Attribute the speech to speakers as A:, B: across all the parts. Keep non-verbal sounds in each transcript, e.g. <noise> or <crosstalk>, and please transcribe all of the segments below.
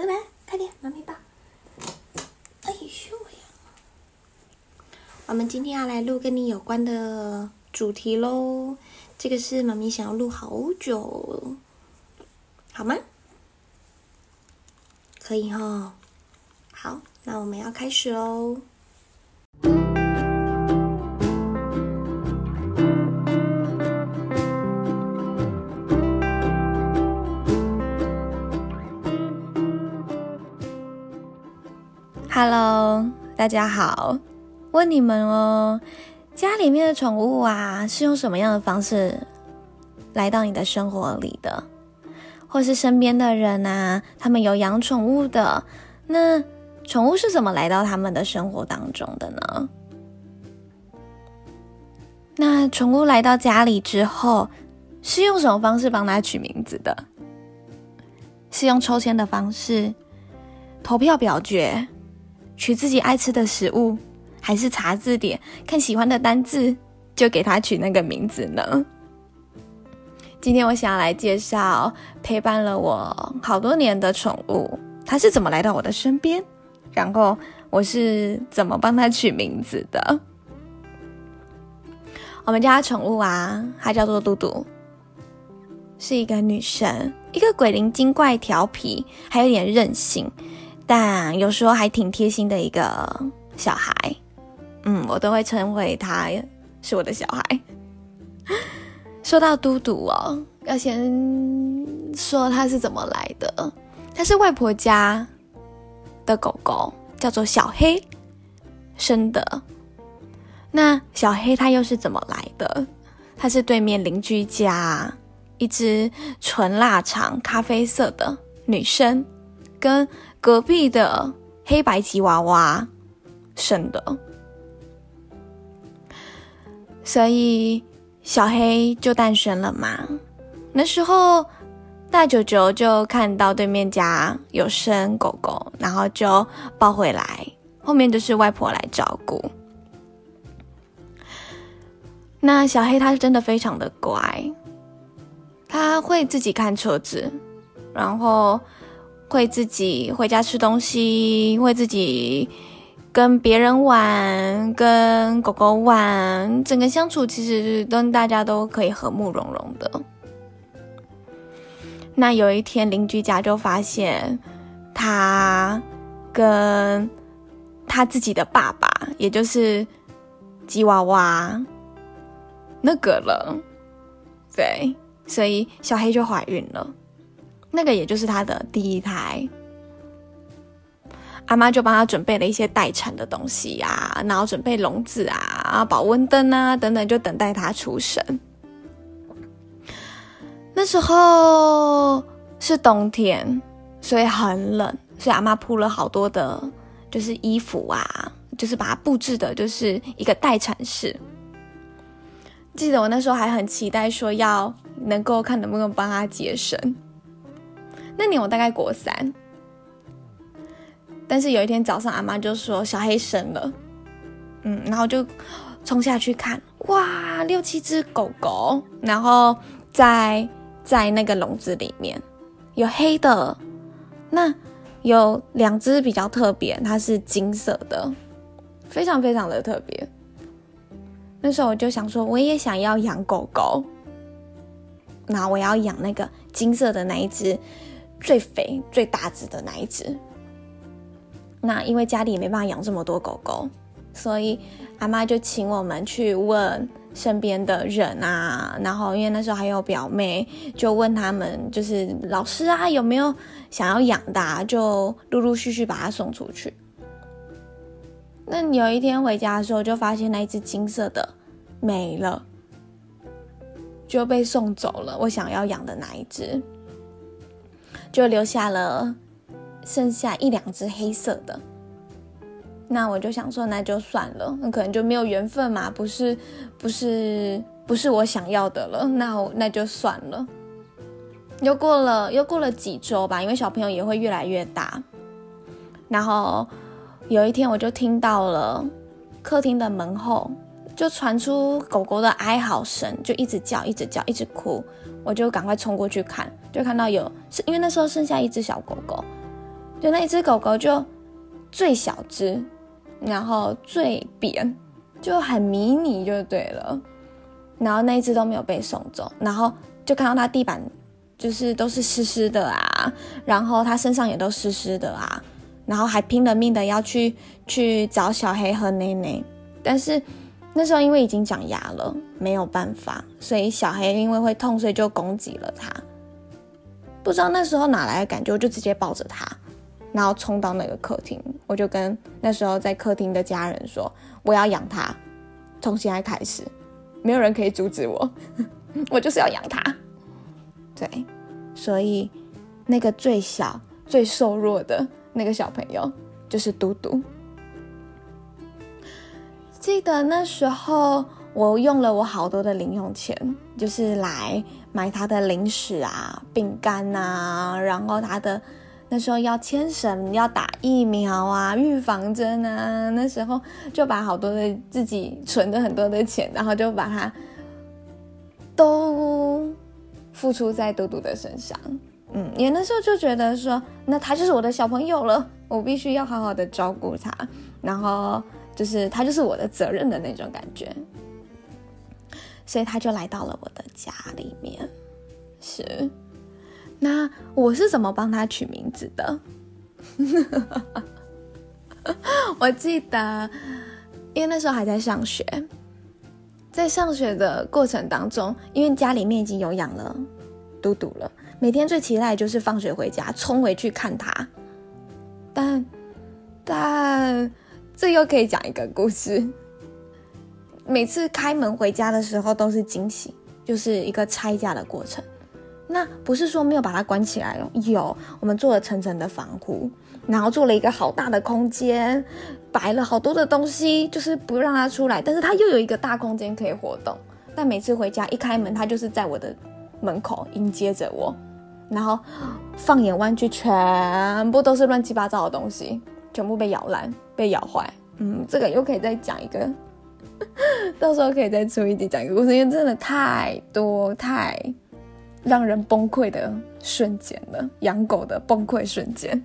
A: 拜拜，快點，媽咪抱。哎呦呀！我們今天要來錄跟你有關的主題嘍，這個是媽咪想要錄好久，好嗎？可以哈。好，那我們要開始嘍。Hello，大家好。問你們哦，家裡面的寵物啊，是用什麼樣的方式來到你的生活裡的？或是身邊的人啊，他們有養寵物的，那寵物是怎麼來到他們的生活當中的呢？那寵物來到家裡之後，是用什麼方式幫它取名字的？是用抽籤的方式，投票表決？取自己愛吃的食物，還是查字典看喜歡的單字，就給他取那個名字呢？今天我想要來介紹陪伴了我好多年的寵物，它是怎麼來到我的身邊，然後我是怎麼幫它取名字的？我們家寵物啊，它叫做嘟嘟，是一個女神，一個鬼靈精怪、調皮，還有點任性。但有時候還挺貼心的一個小孩，嗯，我都會稱為他是我的小孩。說到嘟嘟哦，要先說他是怎麼來的，他是外婆家的狗狗，叫做小黑生的。那小黑他又是怎麼來的？他是對面鄰居家一隻純臘腸咖啡色的女生跟隔壁的黑白吉娃娃生的，所以小黑就誕生了嘛。那時候大舅舅就看到對面家有生狗狗，然後就抱回來。後面就是外婆來照顧。那小黑它真的非常的乖，它會自己看車子，然後。會自己回家吃東西，會自己跟別人玩，跟狗狗玩，整個相處其實是跟大家都可以和睦融融的。那有一天，鄰居家就發現他跟他自己的爸爸，也就是吉娃娃那個了，對，所以小黑就懷孕了。那個也就是他的第一胎，阿媽就幫他準備了一些待產的東西啊，然後準備籠子啊、保溫燈啊等等，就等待他出生。那時候是冬天，所以很冷，所以阿媽鋪了好多的，就是衣服啊，就是把它布置的，就是一個待產室。記得我那時候還很期待，說要能夠看能不能幫他接生那年我大概國三，但是有一天早上，阿嬤就說小黑生了，嗯，然後就衝下去看，哇，六七隻狗狗，然後在在那個籠子裡面，有黑的，那有兩隻比較特別，它是金色的，非常非常的特別。那時候我就想說，我也想要養狗狗，然後我要養那個金色的那一隻。最肥、最大隻的那一隻，那因為家裡也沒辦法養這麼多狗狗，所以阿媽就請我們去問身邊的人啊，然後因為那時候還有表妹，就問他們就是老師啊，有沒有想要養的啊，就陸陸續續把它送出去。那有一天回家的時候，就發現那一隻金色的沒了，就被送走了。我想要養的那一隻，就留下了，剩下一兩隻黑色的。那我就想說，那就算了，那可能就沒有緣分嘛，不是，不是，不是我想要的了，那那就算了。又過了又過了幾週吧，因為小朋友也會越來越大。然後有一天，我就聽到了客廳的門後。就傳出狗狗的哀嚎聲，就一直叫，一直叫，一直哭，我就趕快衝過去看，就看到有，是因為那時候剩下一只小狗狗，就那一隻狗狗就最小隻，然後最扁，就很迷你，就對了。然後那一隻都沒有被送走，然後就看到它地板就是都是濕濕的啊，然後它身上也都濕濕的啊，然後還拼了命的要去去找小黑和奶奶，但是。那時候因為已經長牙了，沒有辦法，所以小黑因為會痛，所以就攻擊了他。不知道那時候哪來的感覺，我就直接抱着他，然後衝到那個客廳，我就跟那時候在客廳的家人說：“我要養他，從現在開始，沒有人可以阻止我，我就是要養他。”對，所以那個最小、最瘦弱的那個小朋友就是嘟嘟。記得那時候，我用了我好多的零用錢，就是來買他的零食啊、餅乾吶、啊，然後他的那時候要牽繩、要打疫苗啊、預防針啊，那時候就把好多的自己存的很多的錢，然後就把它都付出在嘟嘟的身上。嗯，也那時候就覺得說，那他就是我的小朋友了，我必須要好好的照顧他，然後。就是他，就是我的責任的那種感覺，所以他就來到了我的家裡面。是，那我是怎麼幫他取名字的？ <laughs> 我記得，因為那時候還在上學，在上學的過程當中，因為家裡面已經有養了嘟嘟了，每天最期待的就是放學回家衝回去看他，但但。這又可以講一個故事。每次開門回家的時候都是驚喜，就是一個拆家的過程。那不是說沒有把它關起來哦，有，我們做了層層的防護，然後做了一個好大的空間，擺了好多的東西，就是不讓它出來。但是它又有一個大空間可以活動。但每次回家一開門，它就是在我的門口迎接着我，然後放眼望去，全部都是亂七八糟的東西，全部被咬爛。被咬壞，嗯，這個又可以再講一個，到時候可以再出一集講一個故事，因為真的太多太讓人崩潰的瞬間了，養狗的崩潰瞬間。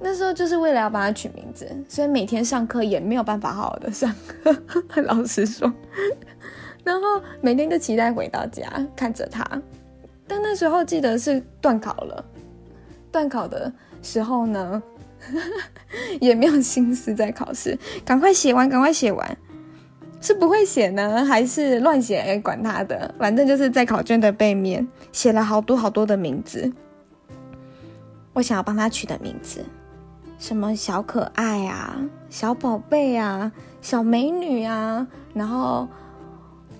A: 那時候就是為了要把它取名字，所以每天上課也沒有辦法好好的上課，老實說，然後每天都期待回到家看着它。但那時候記得是段考了，段考的時候呢？ <laughs> 也沒有心思在考試，趕快寫完，趕快寫完。是不會寫呢？還是亂寫？管他的，反正就是在考卷的背面寫了好多好多的名字。我想要幫他取的名字，什麼小可愛啊，小寶貝啊，小美女啊，然後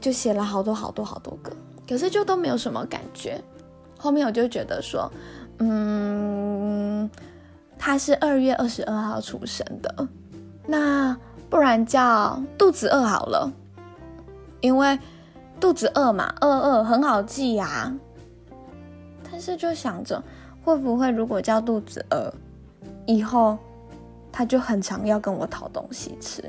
A: 就寫了好多好多好多個，可是就都沒有什麼感覺。後面我就覺得說，嗯。他是二月二十二號出生的，那不然叫肚子餓好了，因為肚子餓嘛，餓餓很好記呀。但是就想着會不會如果叫肚子餓，以後他就很常要跟我討東西吃，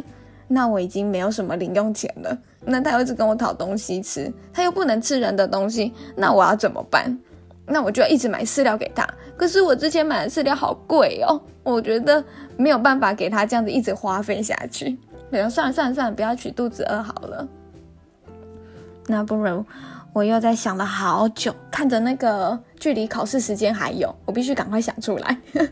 A: 那我已經沒有什麼零用錢了，那他又一直跟我討東西吃，他又不能吃人的東西，那我要怎麼辦？那我就要一直買飼料給他。可是我之前買的飼料好貴哦，我覺得沒有辦法給他這樣子一直花費下去。算了算了算了，不要取肚子餓好了。那不如我又在想了好久，看着那個距離考試時間還有，我必須趕快想出來。 <laughs>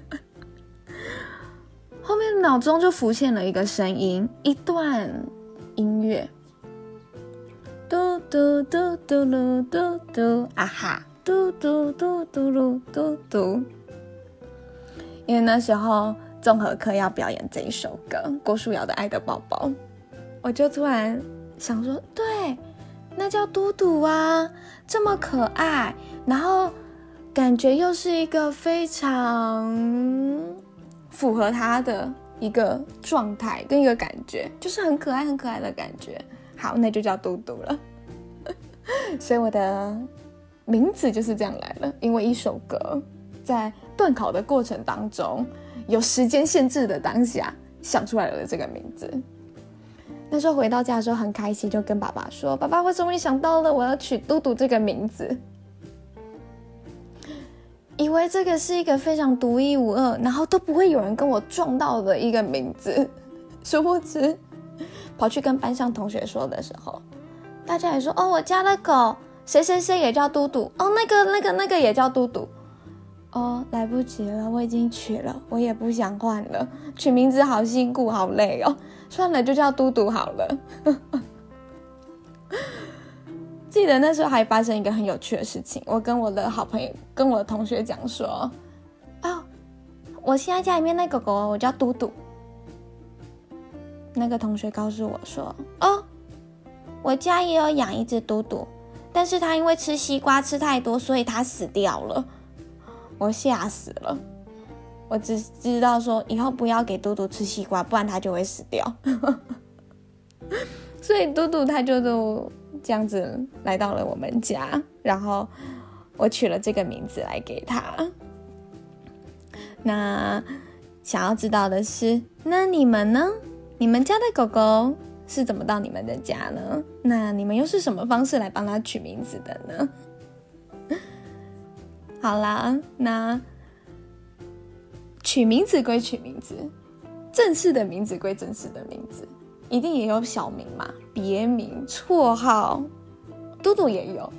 A: 後面腦中就浮現了一個聲音，一段音樂：嘟嘟嘟嘟嚕嘟嘟，嘟，嘟嘟，啊哈。嘟嘟嘟嘟嚕嘟嘟，因為那時候綜合課要表演這一首歌，郭書瑤的《愛的抱抱》，我就突然想說，對，那叫嘟嘟啊，這麼可愛，然後感覺又是一個非常符合他的一個狀態跟一個感覺，就是很可愛、很可愛的感覺。好，那就叫嘟嘟了。 <laughs> 所以我的。名字就是這樣來的，因為一首歌，在段考的過程當中，有時間限制的當下想出來了這個名字。那時候回到家的時候很開心，就跟爸爸說：“爸爸，我終於想到了，我要取嘟嘟這個名字。”以為這個是一個非常獨一無二，然後都不會有人跟我撞到的一個名字，殊不知跑去跟班上同學說的時候，大家也說：“哦，我家的狗。”誰誰誰也叫嘟嘟哦，那個那個那個也叫嘟嘟哦，來不及了，我已經取了，我也不想換了。取名字好辛苦，好累哦！算了，就叫嘟嘟好了。 <laughs> 記得那時候還發生一個很有趣的事情，我跟我的好朋友，跟我同學講說，哦，我現在家裡面那狗狗我叫嘟嘟。那個同學告訴我說，哦，我家也有養一隻嘟嘟。但是他因為吃西瓜吃太多，所以他死掉了。我嚇死了。我只知道說以後不要給嘟嘟吃西瓜，不然它就會死掉。 <laughs> 所以嘟嘟它就都這樣子來到了我們家，然後我取了這個名字來給它。啊。那想要知道的是，那你們呢？你們家的狗狗？是怎麼到你們的家呢？那你們又是什麼方式來幫他取名字的呢？好啦，那取名字歸取名字，正式的名字歸正式的名字，一定也有小名嘛，別名、綽號，嘟嘟也有。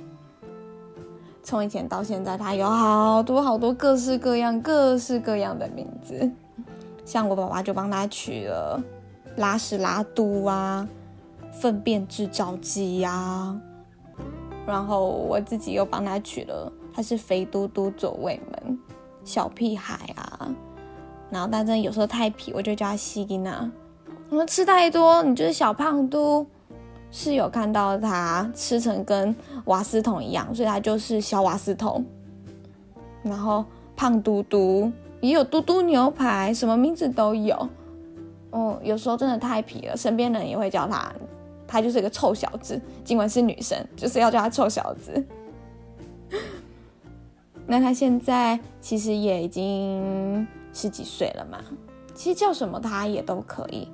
A: 從以前到現在，他有好多好多各式各樣、各式各樣的名字。像我爸爸就幫他取了。拉屎拉嘟啊，糞便製造機呀、啊，然後我自己又幫他取了，他是肥嘟嘟左衛門小屁孩啊，然後但真的有時候太皮，我就叫他西吉娜。我、嗯、們吃太多，你就是小胖嘟。室友看到他吃成跟瓦斯桶一樣，所以他就是小瓦斯桶。然後胖嘟嘟也有嘟嘟牛排，什麼名字都有。哦、有時候真的太皮了，身邊人也會叫他，他就是一個臭小子。儘管是女生，就是要叫他臭小子。 <laughs> 那他現在其實也已經十幾歲了嘛，其實叫什麼他也都可以，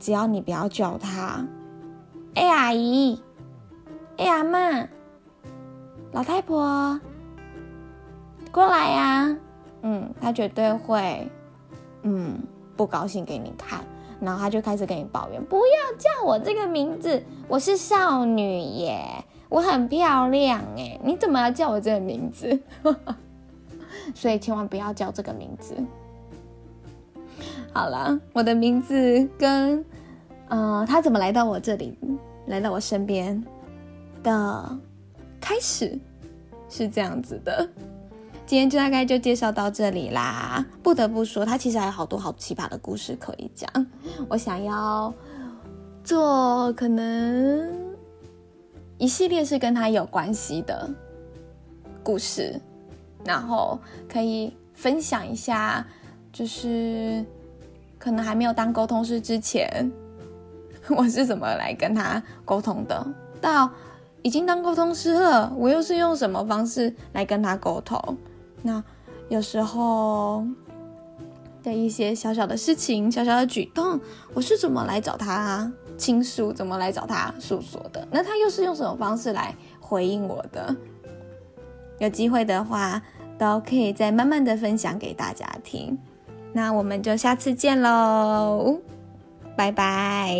A: 只要你不要叫他，哎、欸、阿姨，哎、欸、阿媽，老太婆，過來呀、啊，嗯，他絕對會，嗯。不高興給你看，然後他就開始跟你抱怨：“不要叫我這個名字，我是少女耶，我很漂亮耶，你怎麼要叫我這個名字？” <laughs> 所以千萬不要叫這個名字。好了，我的名字跟呃，他怎麼來到我這裡，來到我身邊的開始是這樣子的。今天就大概就介紹到這裡啦。不得不說，他其實還有好多好奇葩的故事可以講。我想要做可能一系列是跟他有關係的故事，然後可以分享一下，就是可能還沒有當溝通師之前，我是怎麼來跟他溝通的；到、哦、已經當溝通師了，我又是用什麼方式來跟他溝通。那有時候的一些小小的事情、小小的舉動，我是怎麼來找他傾訴，怎麼來找他訴說的？那他又是用什麼方式來回應我的？有機會的話，都可以再慢慢的分享給大家聽。那我們就下次見嘍，拜拜。